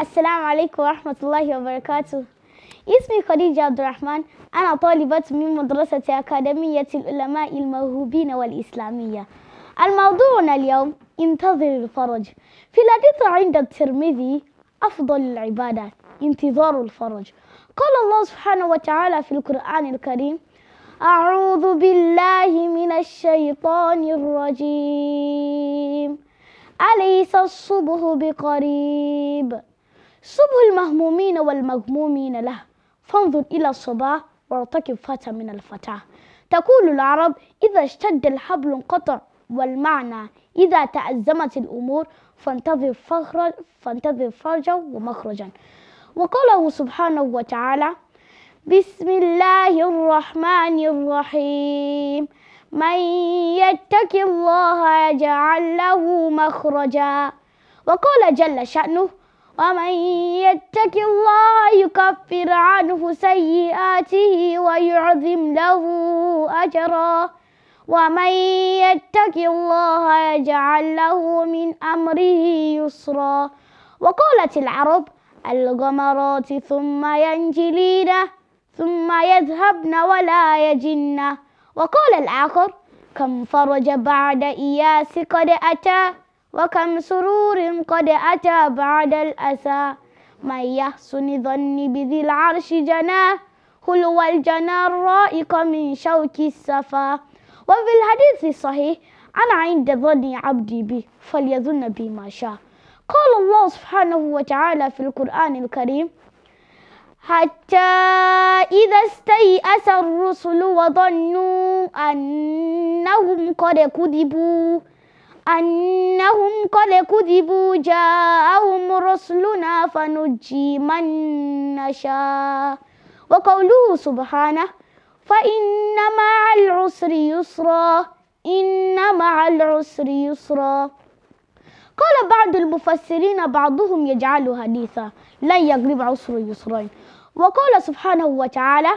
السلام عليكم ورحمة الله وبركاته اسمي خديجة عبد الرحمن أنا طالبة من مدرسة أكاديمية العلماء الموهوبين والإسلامية الموضوعنا اليوم انتظر الفرج في الحديث عند الترمذي أفضل العبادات انتظار الفرج قال الله سبحانه وتعالى في القرآن الكريم أعوذ بالله من الشيطان الرجيم أليس الصبح بقريب صبه المهمومين والمغمومين له فانظر إلى الصباح وارتكب فتى من الفتاة تقول العرب إذا اشتد الحبل انقطع والمعنى إذا تأزمت الأمور فانتظر فخرا فانتظر فرجا ومخرجا وقاله سبحانه وتعالى بسم الله الرحمن الرحيم من يتق الله يجعل له مخرجا وقال جل شأنه ومن يتق الله يكفر عنه سيئاته ويعظم له أجرا ومن يتق الله يجعل له من أمره يسرا وقالت العرب الغمرات ثم ينجلين ثم يذهبن ولا يجن وقال الآخر كم فرج بعد إياس قد أتى وكم سرور قد أتى بعد الأسى من يحسن ظني بذي العرش جناه هل الجنى الرائق من شوك السفا وفي الحديث الصحيح أنا عند ظن عبدي بي فليظن بي ما شاء قال الله سبحانه وتعالى في القرآن الكريم حتى إذا استيأس الرسل وظنوا أنهم قد كذبوا أنهم قد كذبوا جاءهم رسلنا فنجي من نشاء وقوله سبحانه فإن مع العسر يسرا إن مع العسر يسرا قال بعض المفسرين بعضهم يجعل حديثا لن يقرب عسر يسرين وقال سبحانه وتعالى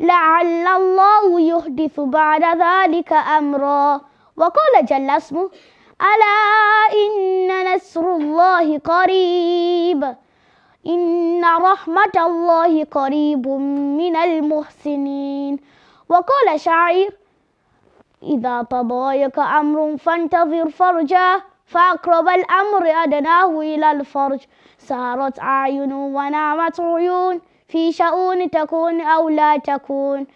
لعل الله يحدث بعد ذلك أمرا وقال جل اسمه ألا إن نسر الله قريب إن رحمة الله قريب من المحسنين وقال شعير إذا تضايق أمر فانتظر فرجا فأقرب الأمر أدناه إلى الفرج سارت أعين ونعمت عيون في شؤون تكون أو لا تكون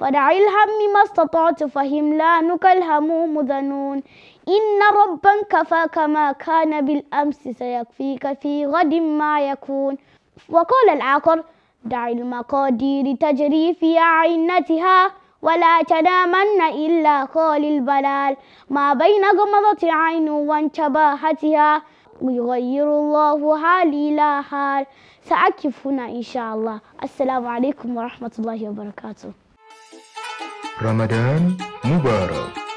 فدع الهم ما استطعت فهم فهملانك الهموم ذنون إن ربا كفاك ما كان بالأمس سيكفيك في غد ما يكون وقال العاقر دع المقادير تجري في عينتها ولا تنامن إلا قال البلال ما بين غمضة عين وانتباهتها ويغير الله حالي لا حال سأكفنا إن شاء الله السلام عليكم ورحمة الله وبركاته Ramadan Mubarak